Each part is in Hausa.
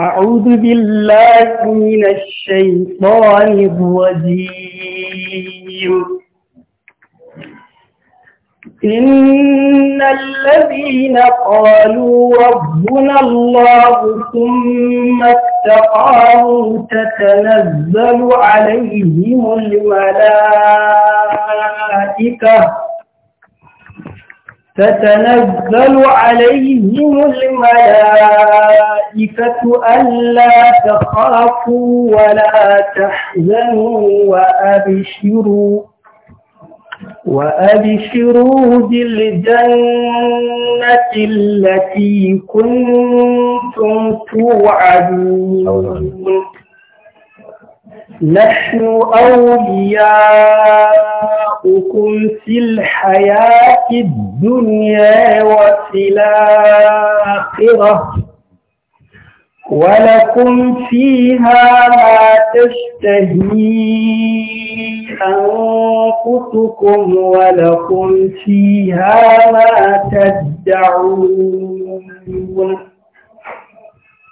أعوذ بالله من الشيطان الرجيم إن الذين قالوا ربنا الله ثم استقاموا تتنزل عليهم الملائكة تتنزل عليهم الملائكة ألا تخافوا ولا تحزنوا وأبشروا وأبشروا بالجنة التي كنتم توعدون نحن أولياؤكم في الحياة الدنيا وفي الآخرة ولكم فيها ما تشتهي أنفسكم ولكم فيها ما تدعون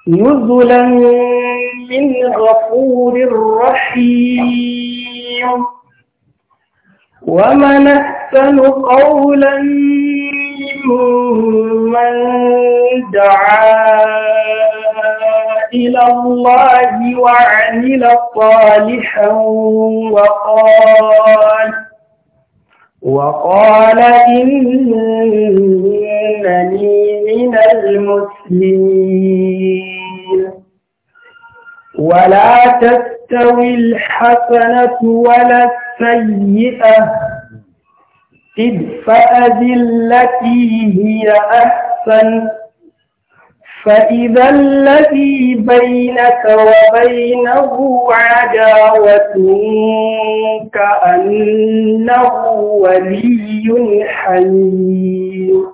نزلا من غفور حكيم ومن أحسن قولا ممن دعا إلى الله وعمل صالحا وقال وقال إنني من المسلمين ولا تسأل تستوي الحسنة ولا السيئة ادفع بالتي هي أحسن فإذا الذي بينك وبينه عداوة كأنه ولي حميم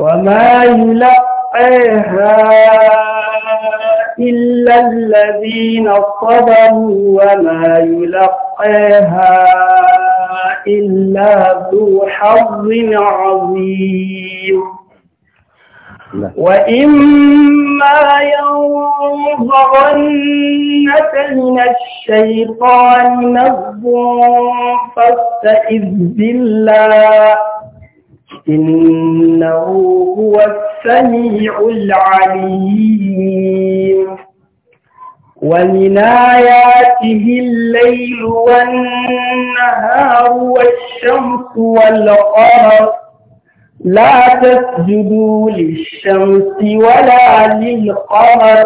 وما يلقاها إلا الذين صبروا وما يلقاها إلا ذو حظ عظيم وإما ينظرنك من الشيطان نظر فاستئذ بالله إنه هو السميع العليم ومن آياته الليل والنهار والشمس والقمر لا تسجدوا للشمس ولا للقمر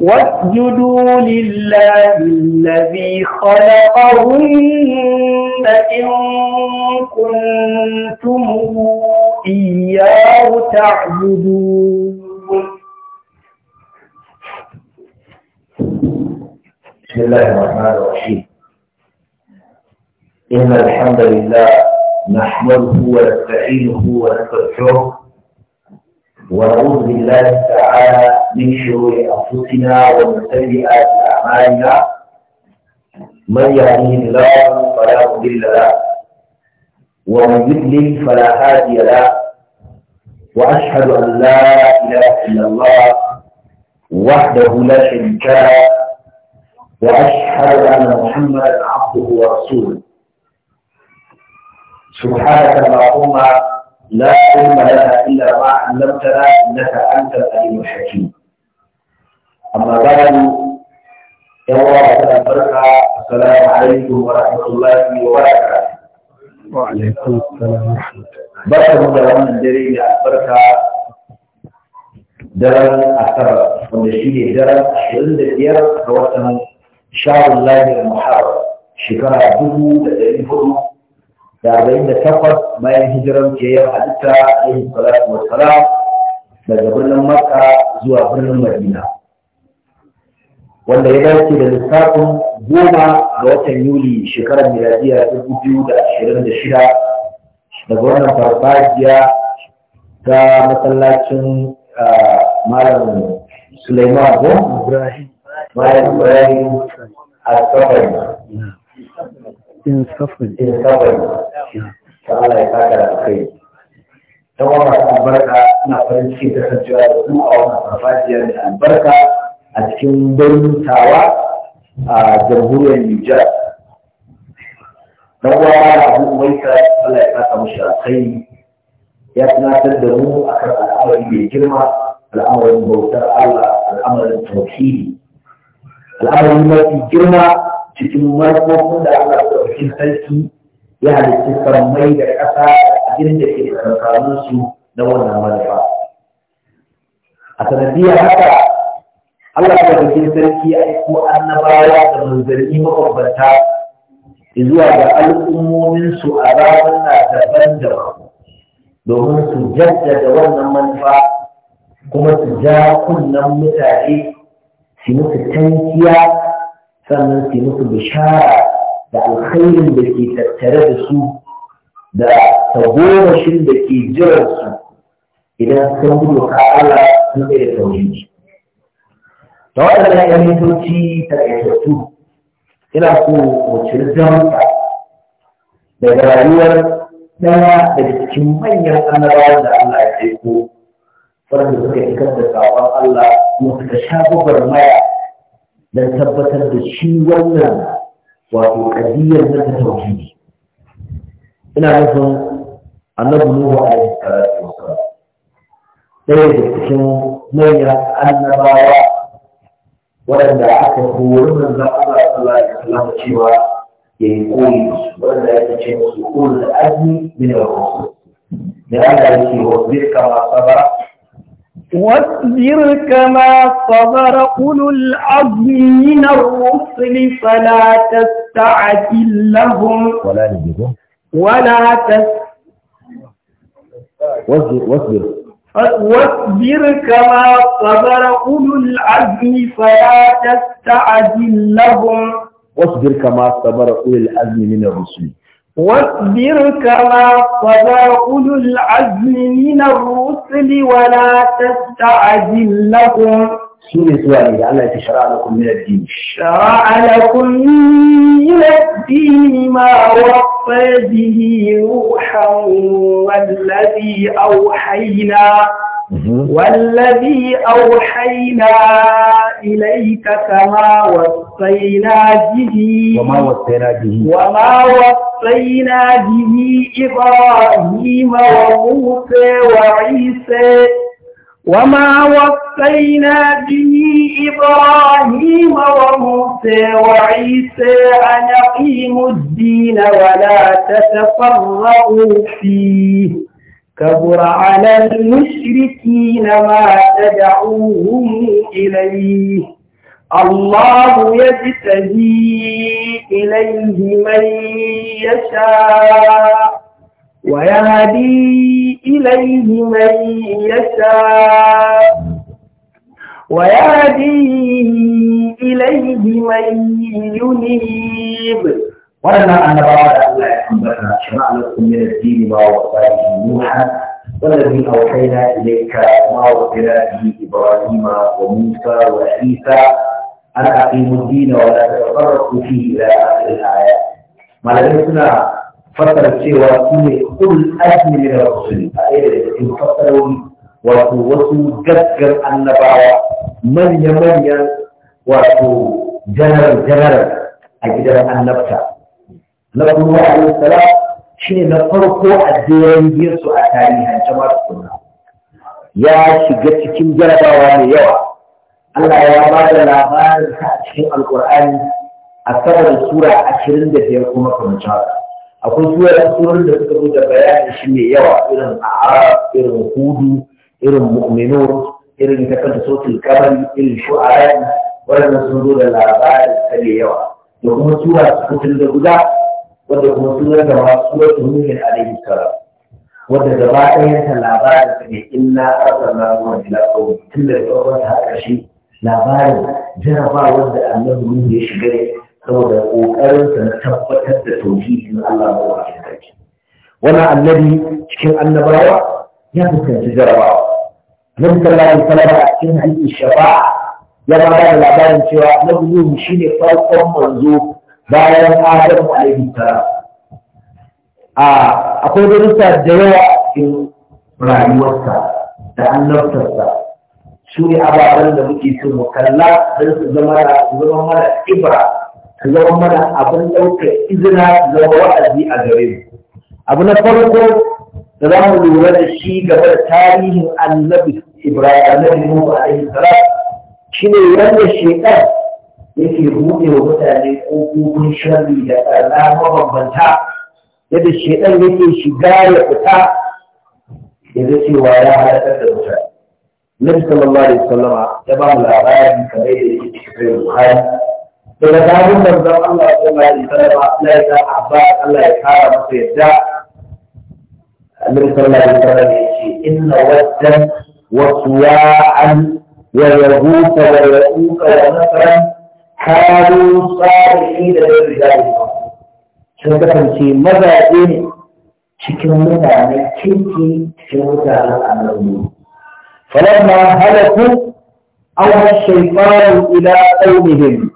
واسجدوا لله الذي خلقهن إن كنتم إياه تعبدون بسم الله الرحمن الرحيم إن الحمد لله نحمده ونستعينه ونستغفره ونعوذ بالله تعالى من شرور أنفسنا ومن سيئات أعمالنا من يهديه الله فلا مضل له ومن يضلل فلا هادي له وأشهد أن لا إله إلا الله وحده لا شريك له وأشهد أن محمدا عبده ورسوله سبحانك اللهم لا علم لنا إلا ما علمتنا إنك أنت العليم الحكيم أما بعد يوم البركة السلام عليكم ورحمة الله وبركاته وعليكم السلام ورحمة الله بركة مدرمة الجريدة barka daren asabar wanda shi ne daren ashirin da biyar ga watan shawar lahir muharram shekara dubu da ɗari hudu da arba'in da takwas bayan hijiran keyan halitta alaihi salatu wassalam daga birnin makka zuwa birnin madina wanda ya dace da lissafin goma ga watan yuli shekarar miladiya dubu biyu da ashirin da shida daga wannan farfajiya ta masallacin malam suleiman ko malam ibrahim al-safari in safari in safari ta Allah ya kaka da kai ta wannan albarka na farin ciki kasancewa da ku a wannan farfajiyar da albarka a cikin birnin tawa a jamhuriyar Nijar. Dan uwa Abu mai Umaisa Allah ya saka mu shakai ya tunatar da mu a kan al'amari mai girma al'amarin bautar Allah al'amarin tauhidi Al'amarin mafi girma cikin marmokon da Allah ya ɗauki sarki ya halitta sammai da ƙasa a gidan da ke da tsakaninsu na wannan manufa. A sanadiyar haka Allah ta ɗauke sarki ya aiko annabawa da manzanni mabambanta zuwa ga su a ranar daban-daban domin su jaddada wannan manufa kuma su ja kunnen mutane su musu tankiya sannan su musu bishara da alkhairin da ke tattare da su da tagomashin da ke su, idan sun gudu ka Allah sun tsaye da tauhidi da waɗannan da mitoci takaitattu ina so mu ciri damsa daga rayuwar ɗaya daga cikin manyan annabawan da Allah ya ko wanda suka isar da sabon Allah kuma suka sha maya don tabbatar da shi wannan wato ƙadiyar na ta ina nufin annabi Nuhu alaihi salatu wasalam ɗaya daga cikin manyan annabawa waɗanda aka hori manzan Allah sallallahu alaihi wasallam cewa ya yi koyi wanda ya ce musu ulul azmi min ar-rusul da Allah yake wasbir kama sabara واصبر كما صبر أولو العزم من الرسل فلا تستعجل لهم ولا تستعجل واصبر واصبر كما صبر أولو العزم فلا تستعجل لهم واصبر كما صبر أولو العزم من الرسل واصبر كما صبر أولو العزم من الرسل ولا تستعجل لهم سورة سواني الله شرع لكم من الدين شرع لكم من الدين ما وقف به روحا والذي أوحينا والذي أوحينا إليك كما وصينا به وما وصينا به وما وصينا به إبراهيم وموسى وعيسى وما وصينا به إبراهيم وموسى وعيسى أن أقيموا الدين ولا تتفرقوا فيه كبر على المشركين ما تدعوهم إليه الله يجتبي إليه من يشاء ويهدي إليه من يشاء ويهدي إليه من ينيب ولنا أن بعد الله يحبنا شرع لكم من الدين ما وصاه نوحا والذي أوحينا إليك ما وصينا به إبراهيم وموسى وعيسى أن أقيموا الدين ولا تتفرقوا فيه إلى آخر الآيات. ما لم fassara cewa su ne kul ne min rasul a ɗaya daga cikin fassarori wato wasu gaggar annabawa manya-manyan wato janar-janar a gidan annabta na kuma alayhi salam shi ne na farko a jerin yesu a tarihance masu suna ya shiga cikin jarabawa mai yawa Allah ya ba da labarin a cikin alkur'ani a sama da sura ashirin da biyar kuma kamar akwai surar surar da suka zo da bayani shi mai yawa irin a'arab irin hudu irin mu'minun irin ta kanta sotul kamari irin shu'ara waɗannan sun zo da labarin ta mai yawa da kuma sura sukutun da guda wadda kuma surar da masu surar da nuhin alaihi salam wadda gaba ɗaya ta labarin ta ne inna arsalna ruwan ila qawmi tun da farkon ta ƙarshe labarin jarabawar da annabi nuhu ya shiga saboda ƙoƙarinsa na tabbatar da tauhidin Allah ba wa sarki wannan annabi cikin annabawa ya fuskanci jarabawa annabi sallallahu alaihi wasallam a cikin hadisi shafa'a ya ba da labarin cewa annabi Nuhu shine farkon manzo bayan Adam alaihi salam a akwai darussa da yawa a cikin rayuwarsa da annabtarsa su ne ababen da muke so mu kalla don su zama mara mana ibra su zama mana abin ɗaukar izina zama wa'azi a gare mu abu na farko da za mu lura da shi game da tarihin annabi ibrahim annabi nuhu alaihi shine yadda shekar yake buɗe wa mutane ƙofofin sharri da ƙarna mabambanta yadda shekar yake shiga ya fita ya ga cewa ya halakar da mutane Nabi sallallahu alaihi wasallama ya ba mu labari kamar da yake cikin Bukhari daga damun manzon Allah ya kuma yi sallama Allah ya sa Abbas Allah ya kara masa yadda Annabi sallallahu alaihi wasallam ya ce inna waddan wa suwa'an wa yahuta wa yaquka wa nasran kanu salihin da rijali sun kasance mazaje ne cikin mutanen kirki cikin mutanen annabi falamma halaku aw shaytanu ila qawmihim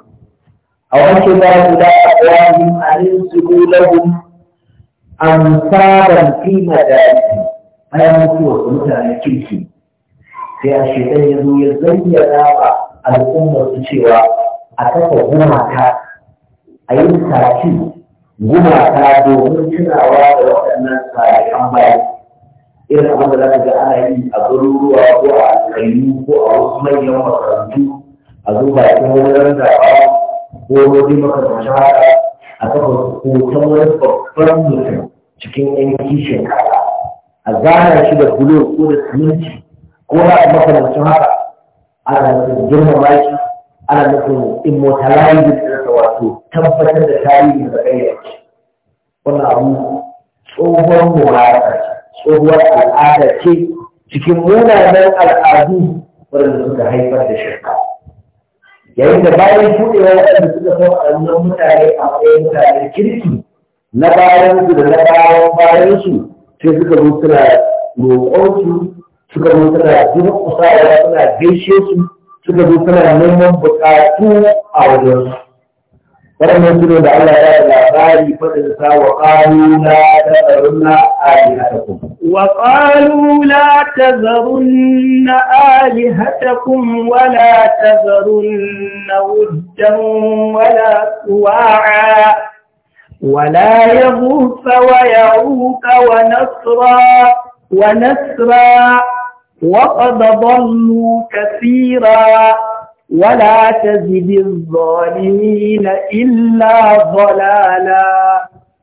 a wace ba su da abuwa yin halin su ne lagu an a yi mutuwa mutane kirki sai a shekar ya zo ya zanya al'ummar su cewa a kafa gumata a yi sake gumaka domin tunawa da waɗannan sarakan baya irin abinda za a garuruwa ko a kayu ko a wasu manyan makarantu a zuba cikin wurin da ko wani makamacin haka a kafa hoton wani babban mutum cikin yan kishin a zana shi da bulo ko da siminti ko na a makamacin haka ana nufin girmama shi ana nufin immortalizing da wato tabbatar da tarihi da ɗaya wannan abu tsohuwar ce, tsohuwar al'ada ce cikin munanan al'adu waɗanda suka haifar da shirka yayin da bayan shuɗewa waɗanda suka san annan mutane a matsayin mutane kirki na bayan su da na bayan bayan su sai suka zo suna roƙon su suka zo suna suna gaishe su suka zo neman buƙatu a wajen su فلم يكنوا لعل ذات الأبار فتنسى وقالوا لا تذرن آلهتكم وقالوا لا تذرن آلهتكم ولا تذرن ودا ولا سواعا ولا يغوث ويعوق ونصرا ونسرا وقد ضلوا كثيرا ولا تزد الظالمين إلا ضلالا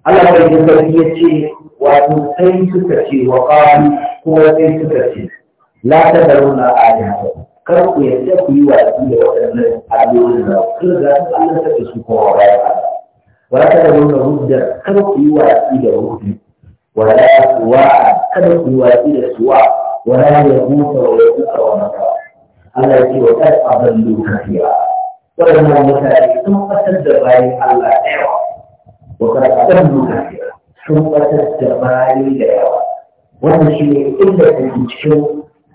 الله بين سبيتي وتنسين سكتي وقال هو سين لا تذرون آلهتكم kar ku yarda ku yi watsi da waɗannan abubuwan da ku riga sun Allah ta su kowa baya ta nuna hujjar kar wa Allah ya ce wa kad adallu kathira wadannan mutane sun fatar da bayan Allah da yawa wa kad adallu kathira sun fatar da bayan da yawa wannan shi ne inda take cikin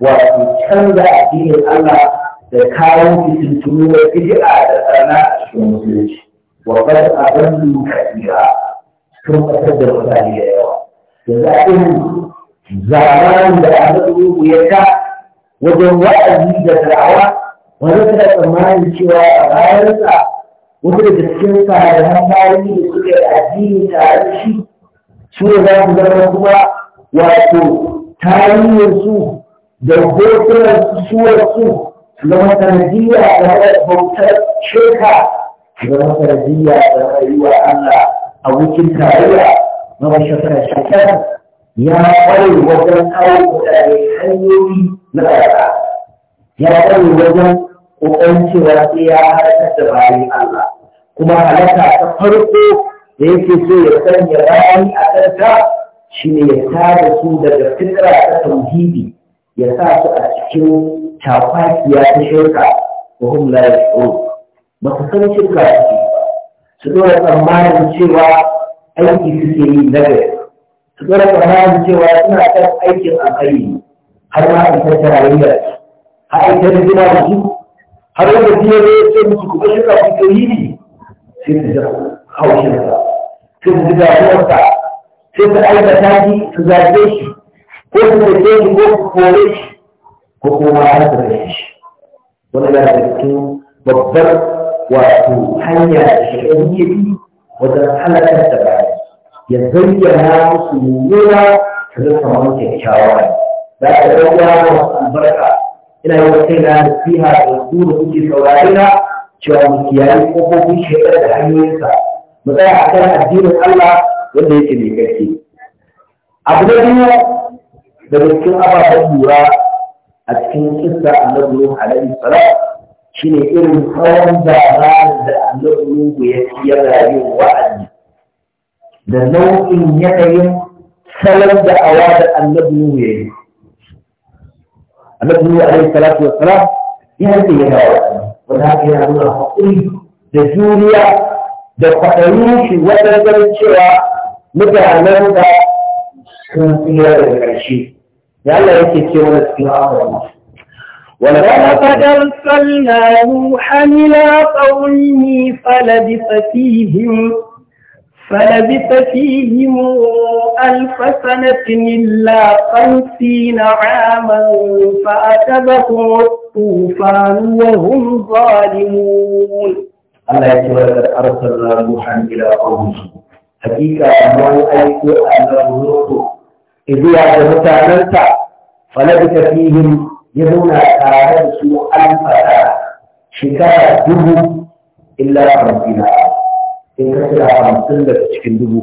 wato canza addinin Allah da kawo fitintunu da bid'a da tsana a cikin musulunci wa kad adallu kathira sun fatar da mutane da yawa yanzu a irin zamanin da annabi ya ga wajen wa'azi da da'awa ba zai kada tsammanin cewa a bayansa wasu daga cikin sahararan tarihi da suke da addini da shi su ne za su zama kuma wato tarihinsu da hotunan suwarsu su zama sanadiyya da bautar sheka su zama sanadiyya da rayuwar Allah a wukin tarayya na wasu shekara ya kware wajen kawo kudade hanyoyi na ƙasa ya kware wajen ƙoƙarin cewa sai ya halakar da bayan Allah kuma halaka ta farko da yake so ya sanya bayani a kanta shi ne ya da su daga fitra ta tauhidi ya sa su a cikin tafakiya ta shirka wa hum la yashurun ba su san shirka su ba su dora tsammanin cewa aiki suke yi na sura qur'ani cewa suna kan aikin alkhairi har ma an tattara rayuwa har an tattara gina da su har wanda ji ne sai musu ku kashe ka yi ne sai su ji haushin sa sai su ji damuwar sa sai su aikata shi su zaɓe shi ko su zaɓe shi ko su kore shi ko kuma har su rage shi wani yana da cikin babbar wato hanya da shirin yi wajen halakar da ba ya zayyana musu mummuna ta zama kamar kyakkyawa za ka ɗauka masu albarka ina yi wa kaina nasiha da su da kuke saurari na cewa mu kiyaye kofofin shaidar da hanyoyinsa mu tsaya a kan addinin Allah wanda yake mai gaske abu na biyu daga cikin ababen lura a cikin kissa annabi Nuhu alaihi salam shine irin tsawon zamanin da annabi Nuhu ya ci yana yin wa'azi da nau'in yanayin salon da awa da annabi nuhu ya yi annabi nuhu alaihi salatu wa salam ya ce ya dawo wanda haka yana nuna haƙuri da juriya da kwaɗayin shi wajen ganin cewa mutanen da sun tsira daga ƙarshe da Allah yake ce wani cikin amurwa ولقد أرسلنا نوحا إلى قومه فلبث فيهم فلبث فيهم ألف سنة إلا خمسين عاما فأتبهم الطوفان وهم ظالمون الله يقول لقد أرسلنا نوحا إلى قومه حقيقة أنه أيكو أنه نوح إذ يعد متعننت فلبث فيهم يدون أعلم سوء ألف سنة شكاية إلا خمسين عاما sai ka kira hamsin daga cikin dubu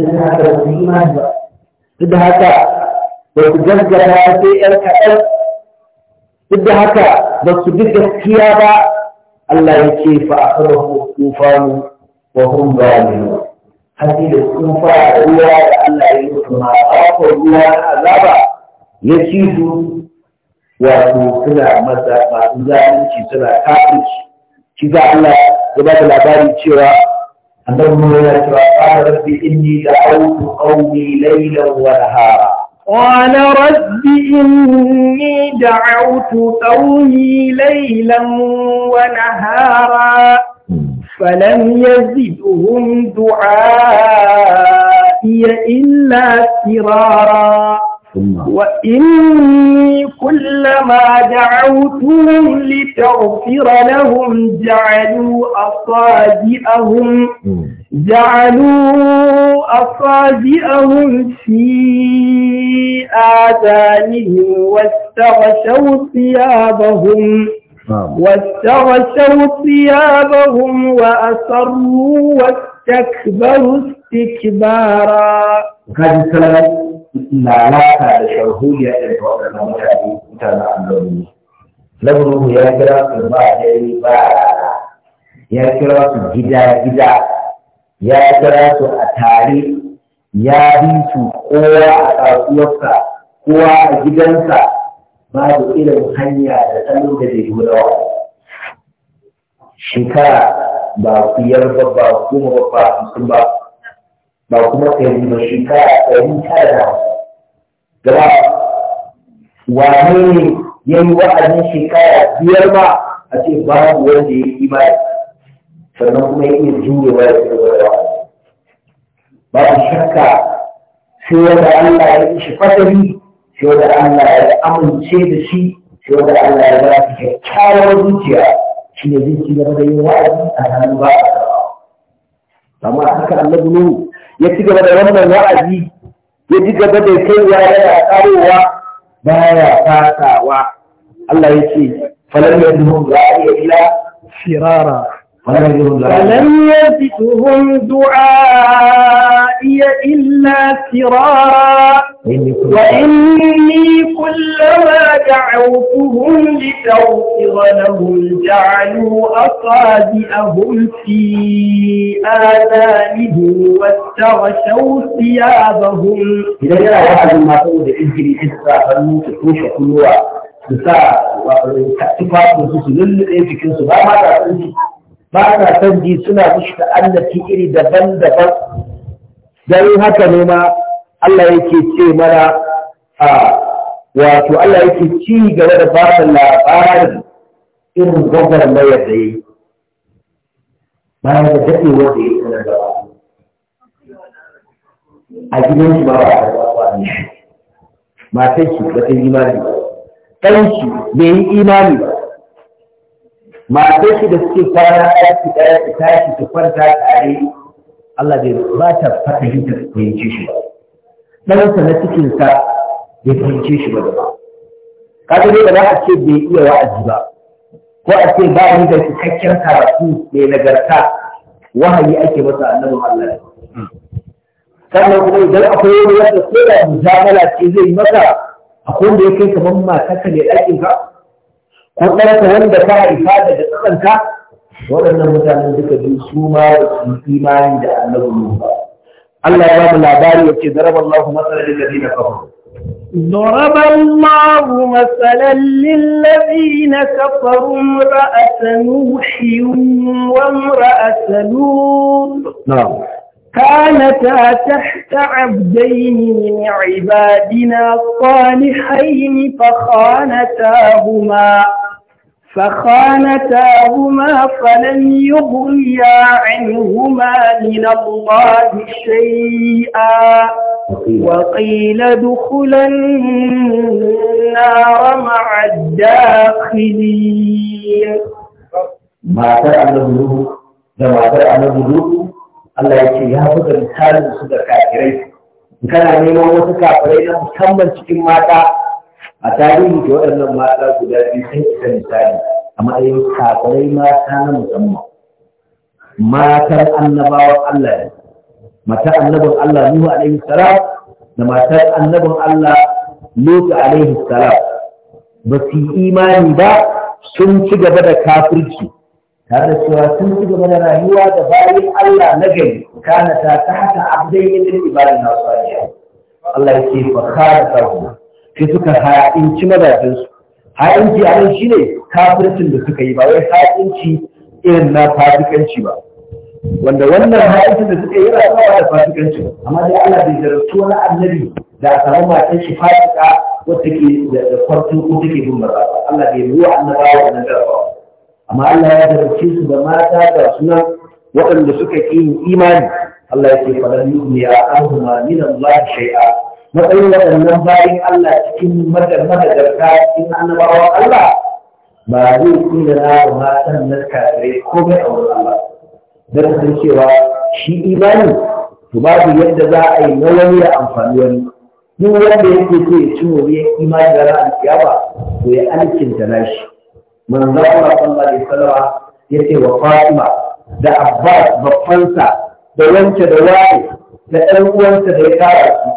duk da haka ba su yi imani ba duk da haka ba su gaggata sai yan kaɗan duk da haka ba su bi gaskiya ba Allah ya ce fa a kada tufanu wa hum zalimun hadi da tufa da ruwa da Allah ya yi musu ma ba ruwa na azaba ya ci su wato suna maza masu zalunci suna kafin shi za Allah ya ba da labari cewa أنه قال رب إني دعوت قومي ليلا ونهارا قال رب إني دعوت قومي ليلا ونهارا فلم يزدهم دعائي إلا فرارا وإني كلما دعوتهم لتغفر لهم جعلوا أصابئهم جعلوا أصابئهم في آذانهم واستغشوا ثيابهم نعم. واستغشوا ثيابهم وأسروا واستكبروا استكبارا. lalata da sharhuliya da waɗannan mutane mutanen ne. labaruhu ya kira su ba dare ba ya kira su gida gida ya kira su a tare ya bi su kowa a kasuwarsa kowa a gidansa babu irin hanya da tsaro da zai yi da shekara ba ku yarba ba kuma ba ba ba ba kuma ɗari ba shekara ɗari tara da gaba wane ne ya yi wa'azin shekara biyar ba a ce babu wanda ya yi imani sannan kuma ya iya jurewa ya ce Ba babu shakka sai wanda Allah ya yi shi fasari sai wanda Allah ya amince da shi sai wanda Allah ya ba su kyakkyawar zuciya shi ne zai ci gaba da yin wa'azi a hannun ba amma haka Allah ne ya ci gaba da wannan wa'azi ya ci gaba da kaiwa yana ƙarowa baya fasawa Allah ya ce falan yadhum ra'iya ila firara فلم يزدهم دعائي إلا فرارا وإني كلما دعوتهم لتغفر لهم جعلوا أصابعهم في آذانهم واستغشوا ثيابهم. إذا جاء أحد ما تقول إنجلي حسا فلنوت كوشة كلها su sa tufafin su su lulluɗe jikinsu ba na son ji suna mishi ta'annaci iri daban-daban don haka ne ma Allah yake ce mana a wato Allah yake ci gaba da fara labarin irin gwagwar mayar da yi bayan da daɗewar da ya yi sanar da a gidan shi ba ba a karɓa ne matan shi ba ta yi imani ɗan shi bai yi imani ba matar shi da suke kwana ɗaki ɗaya ta tashi kwanta tare Allah bai ba ta fata shi ta fahimce shi ba ɗansa na cikinsa bai fahimce shi ba da ba kaga dai ba a ce bai iya wa'azi ba ko a ce ba ni da cikakken karatu mai nagarta wahayi ake masa annabin Allah sannan kuma idan akwai wani wanda ko da mujamala ce zai yi maka akwai wanda ya kai kamar mata ka ne ɗakin ka ko ɗanka wanda ka haifa daga tsakanka waɗannan mutanen duka biyu su ma su imani da annabi Nuhu ba Allah ya ba mu labari yace daraballahu masalan lil ladina kafaru ضرب الله مثلا للذين كفروا امرأة نوح وامرأة لوط نعم كانتا تحت عبدين من عبادنا الصالحين فخانتاهما فخانتاهما فلم يغنيا عنهما من الله شيئا وقيل ادخلا النار مع الداخلين ما ترى النبلوك ما ترى النبلوك Allah ya ce ya buga misalin su da kafirai kana neman wasu kafirai na musamman cikin mata a tarihi da waɗannan mata guda biyu sun isa misali a matsayin kafirai mata na musamman matar annabawan Allah ne matar annabin Allah Nuhu alaihi salam da matar annabin Allah Lutu alaihi salam ba su imani ba sun ci gaba da kafirci tare da cewa sun ci gaba da rayuwa da bayan Allah na gari kana ta ta haka abdai yin ibadin nasu Allah ya ce fa khara sai suka ha'inci mazajensu ha'inci a nan shine kafircin da suka yi ba wai ha'inci irin na fasikanci ba wanda wannan ha'inci da suka yi yana zuwa da fasikanci amma dai ana da zartu wani annabi da a samu matan shi fasika wata ke da kwartin ko take bin maza Allah bai yi wa annabawa wannan jarabawa amma Allah ya zarce su da mata ga suna waɗanda suka ƙi imani Allah ya ce fa lan yu'mina anhuma min Allah shay'a matsayin waɗannan bayan Allah cikin madagarta cikin annabawan Allah ba zai kila na ba ma sannan kafirai komai a wurin Allah don san cewa shi imani to yadda za a yi na wani ya amfani wani duk wanda yake so ya ci wani imani da ranar kiyama to ya alkinta nashi manzon Allah sallallahu alaihi wasallam ya ce wa Fatima da Abbas babbansa da wance da wani da ɗan uwansa da ya kara su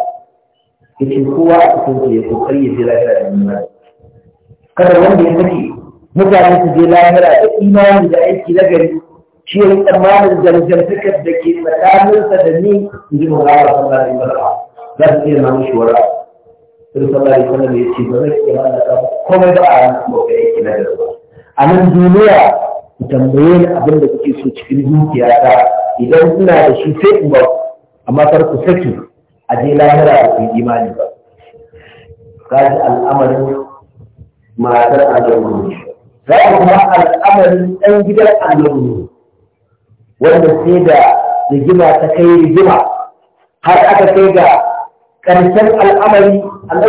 yace kowa a cikin ku ya kokari ya je lahira da imani kada wanda ya sake mutane su je lahira da imani da aiki na gari shi ya tsammanin dangantakar da ke tsakaninsa da ni in ji mawara sallallahu alaihi wasallam za su iya namun shi wara sai da alaihi wasallam ya ce ba zai iya mallaka komai ba a ranar kuma kai yake na gari ba a nan duniya ku tambaye ni abin da kuke so cikin zuciyata idan ina da shi sai in ba amma kar ku saki a lahira ba ku imani ba kaji al'amarin matar annabi za a kuma al'amarin ɗan gidan annabi wanda sai da rigima ta kai rigima har aka kai ga ƙarshen al'amari annabi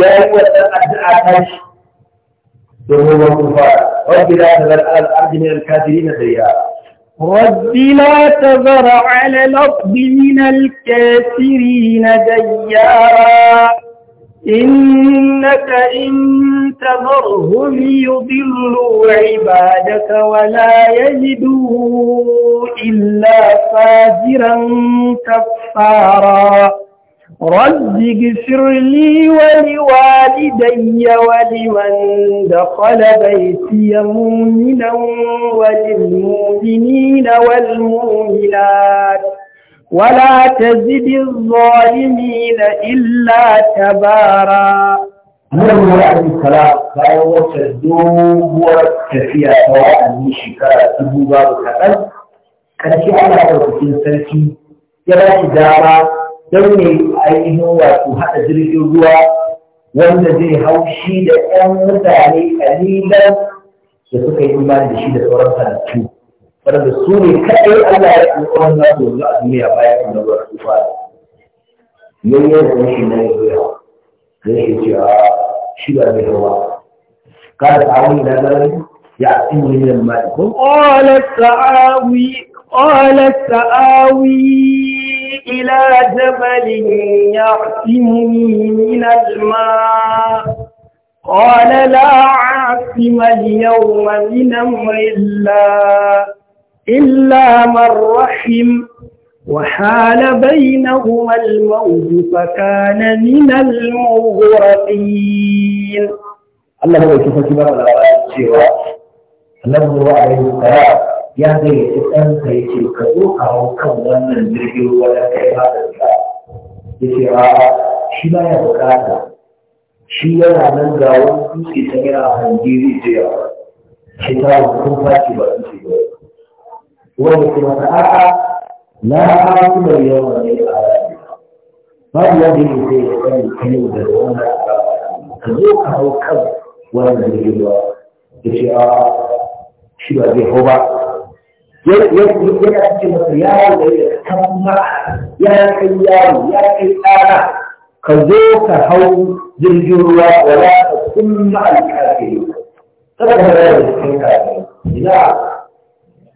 ya yi wannan addu'a ta shi domin wani fara wanda za ta zara al'ardi ne alkafiri na sayya رب لا تذر على الأرض من الكافرين ديارا إنك إن تذرهم يضلوا عبادك ولا يجدوا إلا فاجرا كفارا رب اغفر لي ولوالدي ولمن دخل بيتي مؤمنا وللمؤمنين والمؤمنات ولا تزد الظالمين الا تبارا اللهم لا اله الا انت فاعوذ بك سواء من تبوا بك قد كفي الله بك من سلكي يا باشي don ne ainihin wato haɗa jirgin ruwa wanda zai hau shi da ‘yan mutane kalilan da suka yi imani da shi da sauran halittu waɗanda su ne kaɗai Allah ya ɗauki wannan nasu yanzu a duniya bayan an da ruwa su fara yin yin da shi na yanzu yawa da yake cewa shi ba mai ruwa kada a wani da ya a cikin yin ma'a ko? Ƙwalar ta'awi قال سآوي إلى جبل يعصمني من الماء قال لا عاصم اليوم من أمر الله إلا من رحم وحال بينهما الموت فكان من المغرقين الله هو يشوف كبار الأوائل الشيوخ النبي عليه السلام ya gayyaci ɗan ya ce ka zo a hau kan wannan jirgin ruwa da kai ba da ka ya ce a shi ba ya bukata shi yana nan ga wani dutse ta yana hangi rijiya shi ta kun fashi ba su ba wani kuma ta a'a na hawa kuma yawan ne a rayu babu wanda yake sai ya sani kanin da wannan ka zo ka hau kan wannan jirgin ruwa ya ce a shi ba zai hau ba yana ce masa yawo da ya kai ya kai tsara ka zo ka hau jirgin ruwa wa la ta kuma alkafiri kada ka rayar da cikin kafiri ina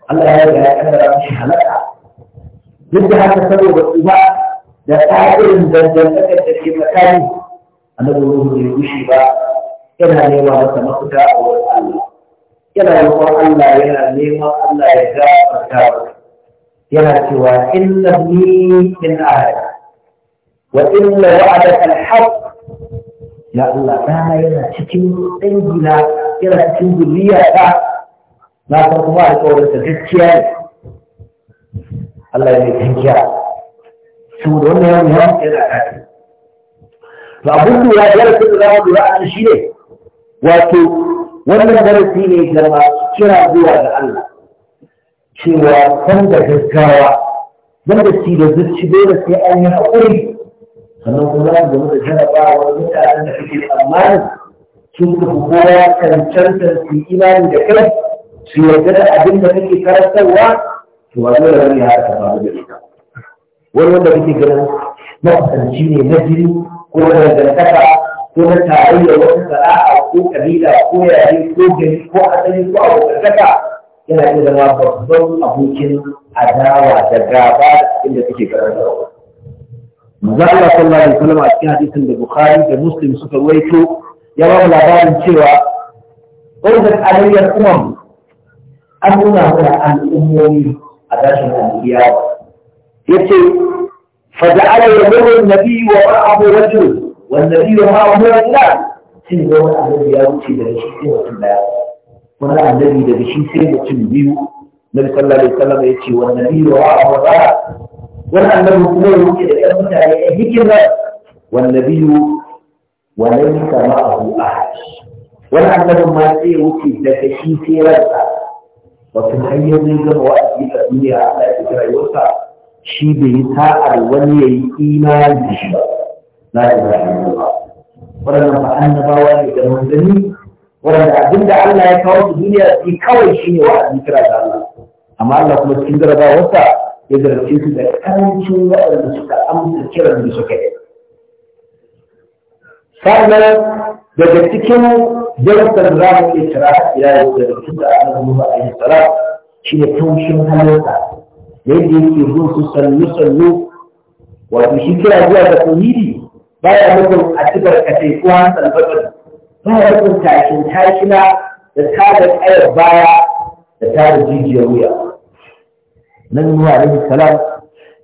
Allah ya ga ya kada shi halaka duk da haka saboda uba da tsarin dangantakar da ke tsakani annabi ruhu bai gushi ba yana nema masa mafita a wurin Allah yana roƙon Allah yana neman Allah ya gafarta masa yana cewa innani min ahad wa inna wa'adaka al-haqq ya Allah dana yana cikin dangina yana cikin zuriya ta na san kuma alƙawarin ta gaskiya ne Allah ya yi gaskiya saboda wannan yawan yawan yana kafi to abin da ya jarabta da zama lura a shi ne wato wannan darasi ne da masu kira zuwa ga Allah cewa san da gaggawa wanda shi da zuci dole sai an yi haƙuri sannan kuma za mu da jarabawa mutanen da kake tsammanin sun ka kowa cancanta su imani da kai su yarda da abin da kake karantarwa to ba dole bane ya haka ba da ita wani wanda kake ganin makusanci ne na jini ko dangantaka ko na tarayya wata sana'a ko kabila ko yare ko gari ko asali ko abokantaka yana iya zama babban abokin adawa da gaba da abin da kake karantarwa. Manzo Allah sallallahu alaihi wasallam a cikin hadisin da Bukhari da Muslim suka ruwaito ya ba labarin cewa ƙorzan alayyar umar an nuna mana al'ummomi a tashin al'iyya ya ce fada alayyar murin nabi wa ma'abu wajen والنبي ها هو الناس sun ga wani annabi ya wuce daga shi sai mutum daya wani annabi daga shi sai mutum biyu nabi sallallahu alaihi wasallam ya ce wani nabi wa wa wani annabi kuma ya wuce daga ɗan mutane ya hikima wani nabi wa lam sama abu ahad wani annabi ma sai ya wuce daga shi sai ransa wato hanyar zai gama wa'azi a duniya a ɗaya rayuwarsa shi bai yi sa'ar wani ya yi imani da shi ba لا اله الا الله ولن نطعن بوالدك المنزلين ولن نعبد على يكون الدنيا في كوي شيء واحد ذكر هذا الله اما الله كما تكندر هذا وسع يدر الشيخ اذا كان يشوي وقت المسكة ام تذكر المسكة صار لنا بجتكم جلس الرابع في الشراء الى يوم الجمعة عليه الصلاة شيء كون شيء من هذا يجي في روح سلو سلو وفي شكل هذا baya mutum a cibar kace ko hantar bakin baya mutum tashin tashina da tada kayar baya da tada jijiyar wuya nan nuwa alaihi salam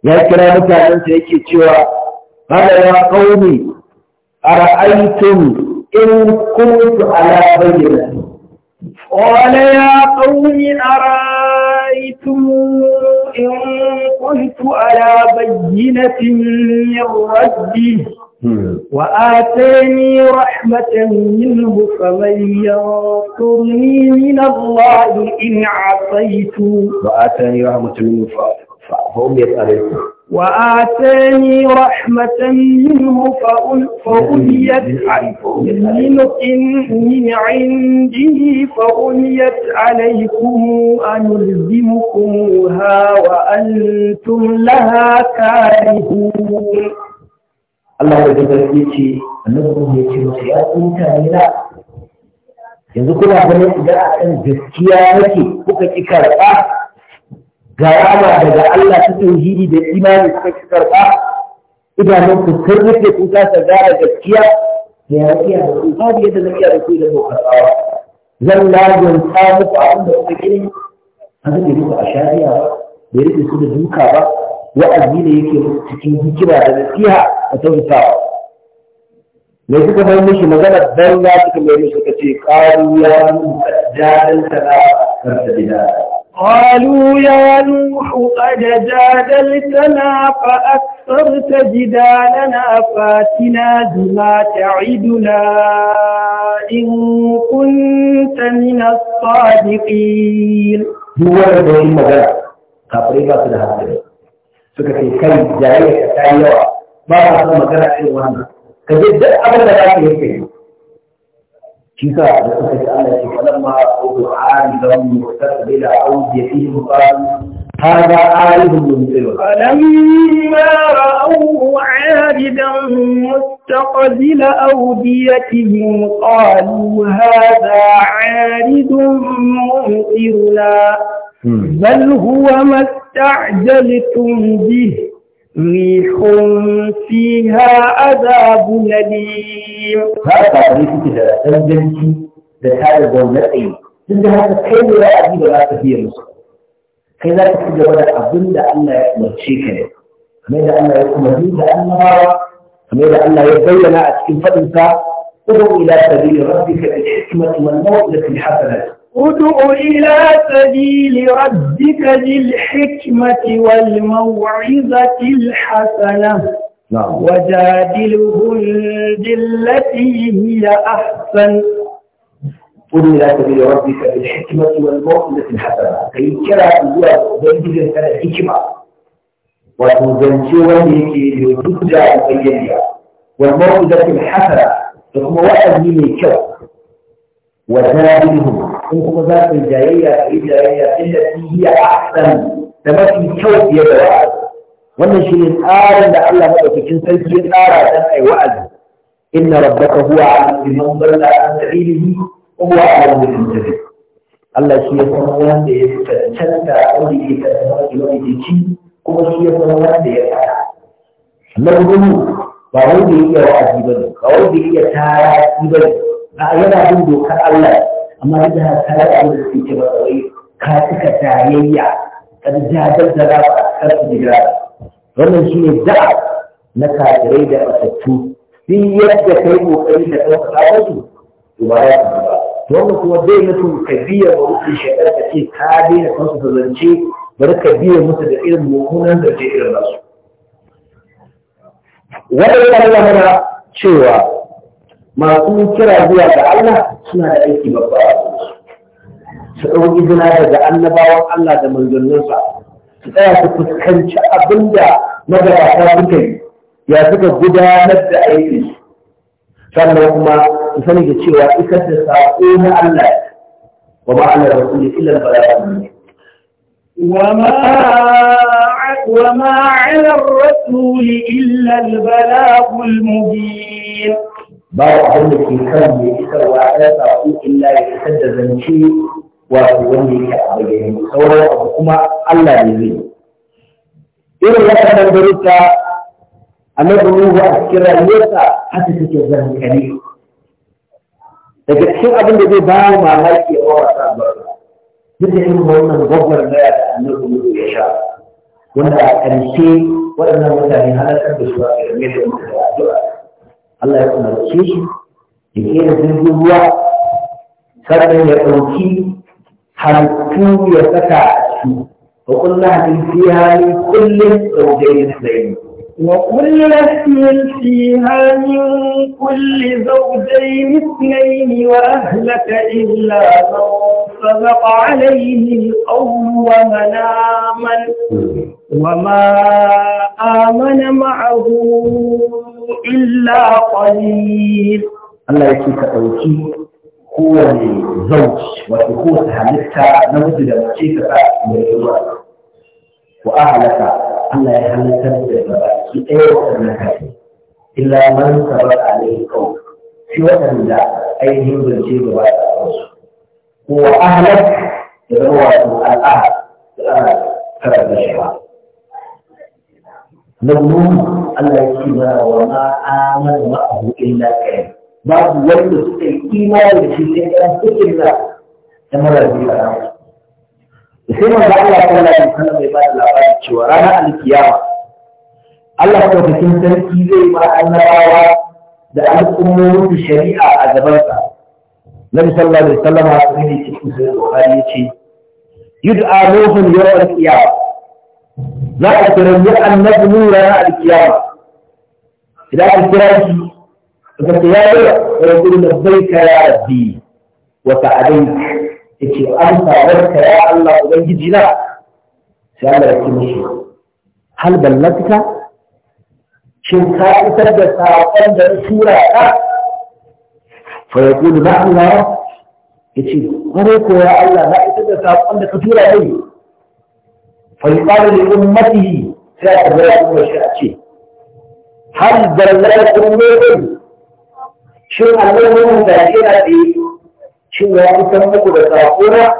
ya kira mutanensa yake cewa qala ya qaumi ara'aytum in kuntu ala bayyinati قال يا قوم أرأيتم إن كنت على بينة من ربي وآتاني رحمة منه فمن ينصرني من الله إن عصيت وآتاني رحمة منه فهم يسألون وآتاني رحمة منه فأليت من من عنده فأليت عليكم أنلزمكمها وأنتم لها كارهون Allah da gaske ce annabi ya ce masa ya ku mutane na yanzu kuna su idan a kan gaskiya yake kuka ki karɓa garama daga Allah ta tauhidi da imani kuka ki karɓa idanun ku sun rufe ta sa gara gaskiya da ya iya da ku babu yadda zan iya da ku idan ku karɓawa zan lagunta muku abin da kuka gini an zai rufe a shari'a ba bai rufe su da duka ba wa'azi ne yake musu cikin hikima da nasiha da tausasawa mai suka mai mishi magana banza suka mai mishi suka ce ƙaru ya nuhu jadan sana karta gida قالوا يا نوح قد جادلتنا فأكثرت جدالنا فاتنا بما تعدنا إن كنت من الصادقين. هو الذي مدى كفرنا في الهاتف suka ce kai jayayya ta yi yawa ba ka son magana irin wannan ka je duk abin da za ka yi kai shi sa da suka ce Allah ce falamma qulu alidan mustaqbila awdiyatihim qalu هذا عارض ممطرنا فلما رأوه عارضا مستقبل أوديتهم قالوا هذا عارض ممطرنا بل هو مس استعجلتم به ريح فيها عذاب نليم هذا ريح كده أنجلتي ده هذا دولة أيضا لأن هذا كل لا أجيب ولا لا تفيه نصر كذا تفيد ولا أظن لأن يأمر شيء كده ماذا أن يأمر لأن نرى ماذا أن يبين أتكن فضلك ادعو إلى سبيل ربك الحكمة والموت التي حصلت ادع إلى سبيل ربك بالحكمة والموعظة الحسنة نعم. وجادلهم بالتي هي أحسن قل إلى سبيل ربك بالحكمة والموعظة الحسنة كي كلا الله بيجي كان الحكمة وتنزلش وليك لتبدا مبينها والموعظة الحسنة ثم واحد من الكرم وجادلهم in kuma za ka yi jayayya ka yi jayayya inda fi hiya ahsan da mafi kyau fiye da wa'azi wannan shi ne tsarin da Allah madaukakin sarki ya tsara dan ai wa'azi inna rabbaka huwa alimun man dalla an sabilihi wa huwa alimun bil Allah shi ya san wanda ya cancanta wanda ya cancanta wanda ya ci kuma shi ya san wanda ya tsara na gudu ba wanda ya iya wa'azi ba ne, ba wanda ya iya tara bane a yana bin dokar Allah amma yadda na kare abu da suke ba wai ka suka tayayya kan jadar da za ka karfi jira wannan shi ne da'a na kafirai da matattu sun yadda kai kokari da ɗaukaka wasu to ba ya kuma ba to wannan kuma zai nufin ka biya ma wuce shekar ka ce ka daina kansu da zance bari ka biya musu da irin mummunan zance irin nasu. Wannan yana mana cewa masu kira zuwa ga Allah suna da aiki babba su izina daga annabawan Allah da manzanninsa su tsaya su fuskanci abin da magabata suka yi ya suka gudanar da aiki sannan kuma su sani da cewa isar da saƙo na Allah wa ma'anar rasulun ilal bala'a وما وما على الرسول إلا البلاغ المبين Ba abin ke kan mai isarwa ɗan saƙo illa ya isar da zance wato wanda yake a bayyane sauran abu kuma Allah ne zai irin waɗannan garuka annabi Nuhu a nan da cikin rayuwarsa haka take zankare daga cikin abin da zai bawo mamaki a wasa barka duk da irin wannan gwagwarmaya da annabi Nuhu ya sha wanda a ƙarshe waɗannan mutane halakar da su a ƙarƙashin da Allah ya umarce shi ya ke da ruwa sannan ya ɗauki halittu ya saka shi a kullum a cikin hali kullum zaujai zaini wa kullum fiyin fi hanyin kulli zaujai misnaini wa ahlaka illa فبقى عليه القول ومن آمن وما آمن معه Ku illa qalil Allah yake ka dauki kowane zauji wato ko halitta na wuce da wace ka sa mai zuwa ko a halaka Allah ya halitta da gaba ki ɗaya wannan kai illa man sabar alaihi kaw shi wanda ainihin zance gaba da wasu ko a halaka da zama wato al'a da ana karanta shi ba mazmuma Allah ya ce mana wa ma amana abu illa kai babu wanda suka yi imani da shi sai ɗan cikin na ɗan mara biyu a ranar sai manzo Allah sallallahu alaihi wasallam bai ba da labarin cewa ranar alkiyama Allah madaukakin sarki zai ba annabawa da al'ummomin shari'a a gaban gabansa Nabi sallallahu alaihi wasallam ya ce cikin sahih Bukhari ce. yud'a ruhun yawm al-qiyamah za a kirayi annabi ne ranar alkiyama idan an kira shi daga ta ya yi ya gudu da bai ka ya rabbi wa sa'adai ya ce an sa'adar ka ya Allah ubangiji na sai Allah ya ce mishi hal ballanta shin ka isar da saƙon da sura ka fa ya gudu na Allah ya ce kwarai ko ya Allah na isar da saƙon da ka tura ne فيقال لأمته سأتبعكم وشأتي هل بلغتكم منكم شو أنهم مباشرة في شو يأتكم لكم بساقورة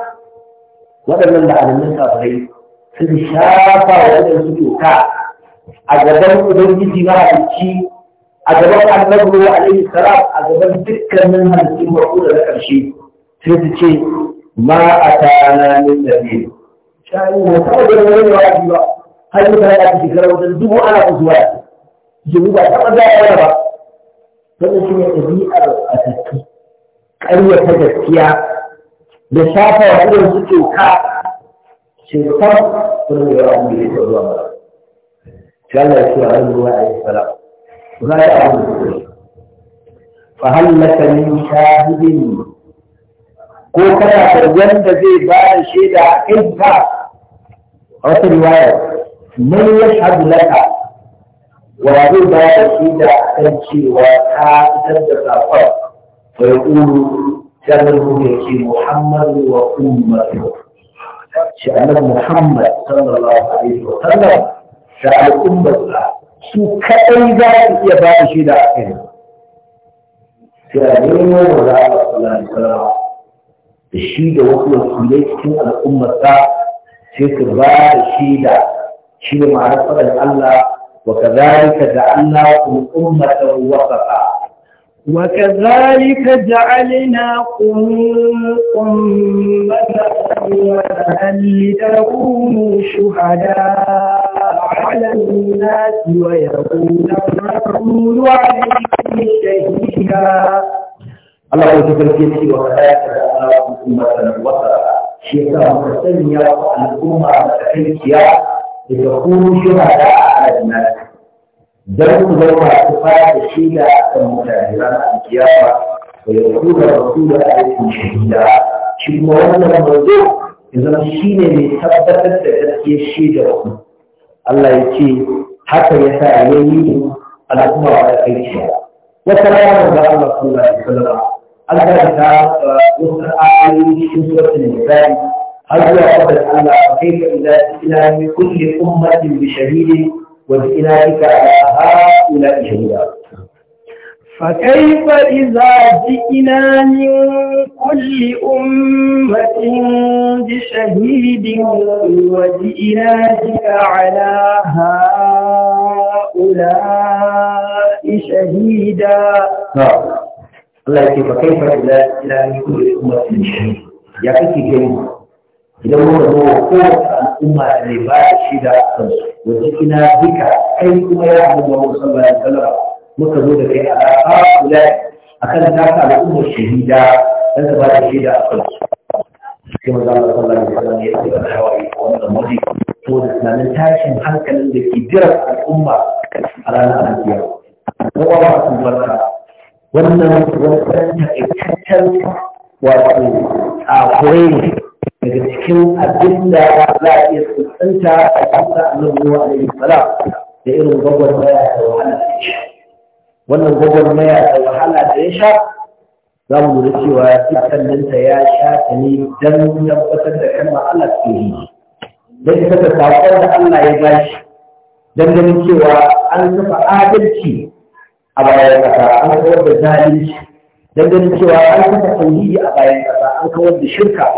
وأنا من بعد من سأتبعي في الشافة وأنا سجوكا أجدهم أدرجي جماعتي أجدهم النبي عليه السلام أجدهم ذكر منها التي مقولة لك الشيء سيدتي ما أتانا من نبيه shayi na taɓa ganin wani wa'azi ba har yi kana ɗaki shekara wajen dubu ana kusuwa jini ba taɓa za a ba wannan shi ne ɗabi'ar fatakki ƙaryata gaskiya da shafa wa irin su toka shekar wani yawa wani da ya zuwa mara shi Allah ya ce wa wani ruwa a yi salam za a yi abin da ya fahal laka min shahidin ko kana da wanda zai ba da shaida a kai ba a wata riwaya man yashhadu laka wa zai ba da shaida kan cewa ka fitar da sakon wa yaqulu kana rubuta ke Muhammadu wa ummatu shi annabi Muhammad sallallahu alaihi wa sallam da al'ummarsa su kaɗai za su iya ba da shaida a kai sai a nemo wa za a sallallahu da shi da wasu wakilai cikin al'ummarsa sai su ba da shaida shi ne ma'anar faɗin Allah wa kazalika ja'alnakum ummatan wasaqa وكذلك جعلناكم أمة لتكونوا شهداء على الناس ويكون الرسول عليكم شهيدا الله يتبارك فيك وكذلك جعلناكم أمة وسطا shi yasa muka sanya al'umma da kanciya da ta kuma shuhada a halin nan dan ku zama masu fara da shaida a kan mutane ranar kiyama wa ya kuma rasulu a aikin shahida shi kuma wannan manzo ya zama shi ne mai tabbatar da shi da ku Allah ya ce haka ya sa ya yi al'umma da kanciya wata rana da Allah sallallahu alaihi wasallam الكلام وسط آخره في سورة النساء هل هو قدر الله كيف إذا جئنا كل أمة بشهيد وجئنا على هؤلاء شهيدا فكيف إذا جئنا من كل أمة بشهيد وجئنا بك على هؤلاء شهيدا نعم Allah ya ce fa kai fa ila ila min kulli ummatin shahid ya kake gani idan muka zo wa kowace al'umma da mai ba da shida a kansu wajen ina duka kai kuma ya abu wa musamman da kalaba muka zo da kai a ra'a kula a kan taka al'ummar shahida don ta ba da shida a kansu. Sai maza Allah sallallahu alaihi wasallam ya ce wani hawaye a wannan waje saboda tunanin tashin hankalin da ke jiran al'umma a ranar alkiyar. Kowa ba su barka wannan wannan taƙaitaccen wato a ne daga cikin abinda da za a iya tsantsanta a kasa annabi Nuhu alaihi salam da irin gwagwarmaya da wahala da ya sha wannan gwagwarmaya da wahala da ya sha za mu lura cewa dukkaninta ya sha ta ne don tabbatar da kan Allah ke yi don ita ta saƙon da Allah ya ba shi don ganin cewa an kafa adalci a bayan ƙasa, an kawar da zalunci don ganin cewa an kafa tauhidi a bayan ƙasa, an kawar da shirka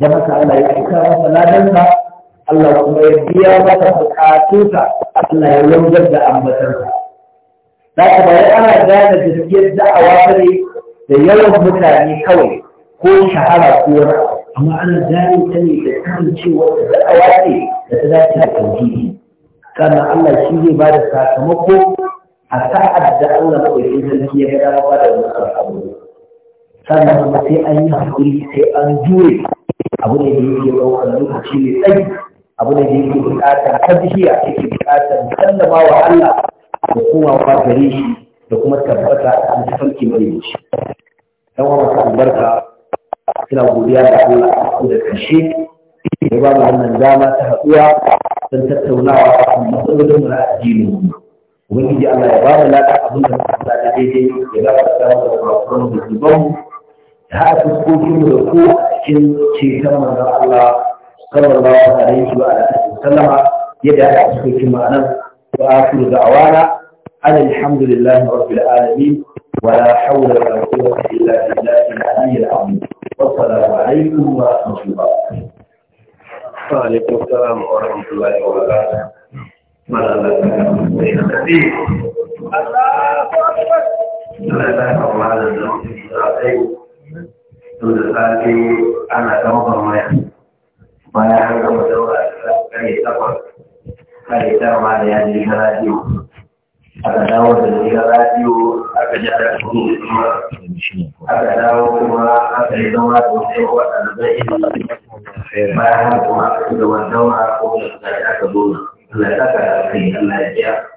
da haka Allah ya aika masa ladansa Allah kuma ya biya masa bukatunsa Allah ya wanzar da ambatarsa za ka bayan ana gane gaskiyar da'awa ne da yawan mutane kawai ko shahara ko wani amma ana gane ta ne da kasancewar da'awa ce da ta dace da tauhidi kana Allah shi zai ba da sakamako a sa'ad da Allah maɗauki sarki ya ga dama da wani al'abu sannan kuma sai an yi hakuri sai an jure abu ne da yake ɗaukar lokaci mai tsayi abu ne da yake buƙatar tabbiya yake buƙatar sallama wa Allah da komawa gare shi da kuma tabbata a kan tafarki mai wuce. Yan wa masu albarka suna godiya da Allah a da ƙarshe ya ba mu wannan dama ta haɗuwa don tattaunawa a kan matsalolin mu na addinin mu. ubangiji Allah ya bamu lada abin da muka sa da daidai ya ga fata mu da kafin da zuban da har fuskokin da ku cikin ceton manzon Allah sallallahu alaihi wa alihi wasallam yadda aka fuskokin ma'anar wa akhiru da'wana الحمد لله رب العالمين ولا حول ولا قوة إلا بالله العلي العظيم والسلام عليكم ورحمة الله وعليكم السلام ورحمة الله وبركاته ana ɗaukar maya bayan an gama daura kare takwas kare tarma da ya ji radiyo aka dawo da ji radiyo aka ji da kuma aka dawo kuma aka yi zama da wasu yawa da zai yi bayan kuma aka ci gaban daura ko da aka zo Allah ya saka da kai Allah ya